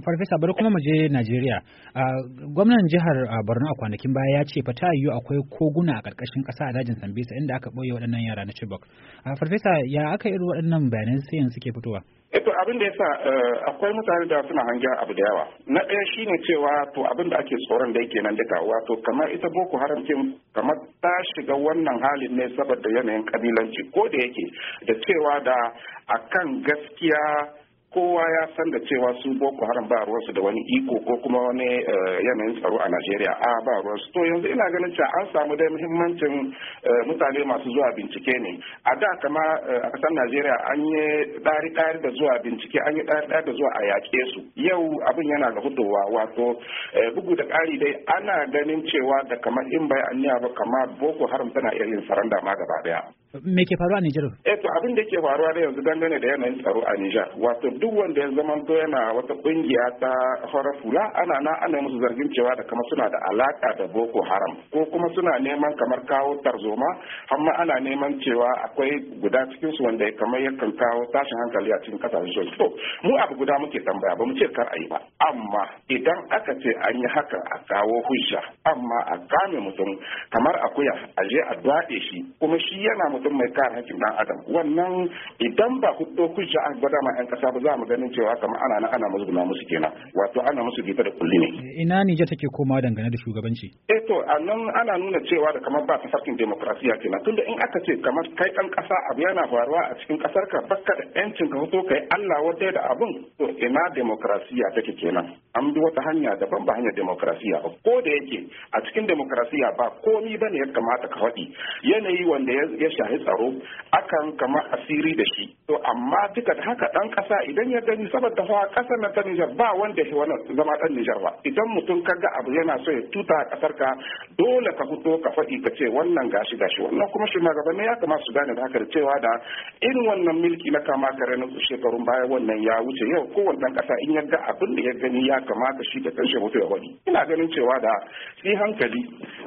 farfesa bari kuma mu je Najeriya. Gwamnan jihar Borno a kwanakin baya ya ce fata yiwu akwai koguna a ƙarƙashin ƙasa a dajin Sambisa inda aka ɓoye waɗannan yara na Chibok. Farfesa ya aka yi waɗannan bayanan sai yanzu suke fitowa? Eto eh, abin da yasa eh, akwai mutane da suna hangen abu da yawa. Na ɗaya shine cewa to abin da ake tsoron da yake nan duka wato kamar ita Boko Haram ce kamar ta shiga wannan halin ne saboda yanayin kabilanci ko da yake da cewa da akan gaskiya kowa ya san da cewa su boko haram ba ruwansu da wani iko ko kuma wani eh, yanayin tsaro a najeriya a ba ruwansu to yanzu ina ganin cewa an samu dai muhimmancin eh, mutane masu zuwa bincike ne a da kama eh, a kasar najeriya an yi ɗari ɗari da zuwa bincike an yi ɗari ɗari da zuwa a yaƙe su yau abin yana da hudowa wato bugu da ƙari dai ana ganin cewa da kamar in bai aniya ba kama boko haram tana iya yin saranda ma gaba daya Me ke faruwa a Nijar? Eh to abin da ke faruwa da yanzu dangane da yanayin tsaro a Nijar. Wato duk wanda ya zama to yana wata kungiya ta horar fula ana na ana musu zargin cewa da kama suna da alaka da Boko Haram ko kuma suna neman kamar kawo tarzoma amma ana neman cewa akwai guda cikin su wanda kamar yakan kawo tashin hankali a cikin kasashen To mu abu guda muke tambaya ba mu ce kar a yi ba amma idan aka ce an yi haka a kawo hujja amma a kame mutum kamar akuya a je a daɗe shi kuma shi yana mutum mai kare hakkin dan adam wannan idan ba ku huddo ja an gwada ma 'yan kasa ba za mu ganin cewa kamar ana ana guna musu kenan wato ana musu gita da kulli ne. ina je take koma dangane da shugabanci. eh to anan ana nuna cewa da kamar ba ta farkin demokrasiya kenan tunda in aka ce kamar kai dan kasa abu yana faruwa a cikin kasar ka bakka da 'yancin ka fito kai Allah wadda da abun to ina demokrasiya take kenan an bi wata hanya daban ba hanyar demokrasiya ko da yake a cikin demokrasiya ba komi bane ya kamata ka faɗi yanayi wanda ya shafi yi tsaro akan kama asiri da shi to amma duka da haka dan kasa idan ya gani saboda fa kasar na ta Nijar ba wanda ya wannan zama dan Nijar ba idan mutum kaga abu yana so ya tuta a kasar ka dole ka fito ka faɗi ka ce wannan gashi gashi wannan kuma gaba ne ya kamata su gane da haka cewa da in wannan mulki na kama kare na shekarun baya wannan ya wuce yau ko wannan kasa in ya ga abin da ya gani ya kamata shi da kanshi mutu ya wani ina ganin cewa da shi hankali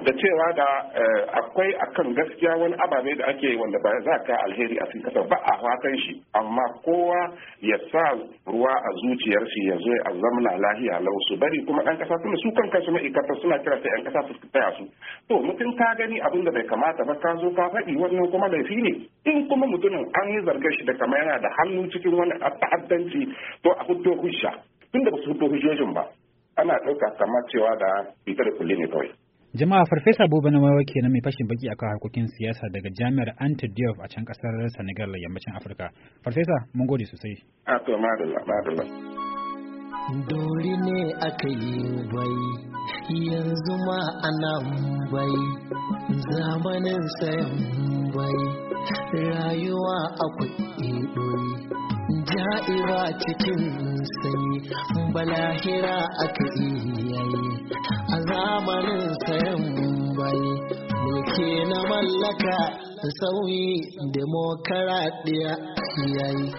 da cewa da eh, akwai akan gaskiya wani ababe da ake wanda ba za ka alheri a cikin ba a fatan shi amma kowa ya sa ruwa a zuciyar shi ya zo ya zamna lahiya lau su bari kuma ɗan kasa tunda su kan kansu ma'aikata suna kira ta ɗan kasa su taya su to mutum ka gani abin da bai kamata ba ka zo ka faɗi wannan kuma laifi ne in kuma mutumin an yi zargar shi da kama yana da hannu cikin wani ta'addanci to a fito hujja tunda ba su fito hujjojin ba ana ɗauka kama cewa da fitar kulle ne kawai Jama'a Farfesa Buba na Mawa kenan mai fashin baki akan harkokin siyasa daga Jami'ar anti Diop a can kasar Senegal da yammacin Afirka. Farfesa, mun gode sosai. A ah, to madalla, madalla. Dori ne aka yi bai, yanzu ma ana bai, zamanin sayan bai, rayuwa akwai ɗori. ja'ira cikin sai, balahira aka iyaye a zamanin ke na mallaka sauyi demokaradiyya yayi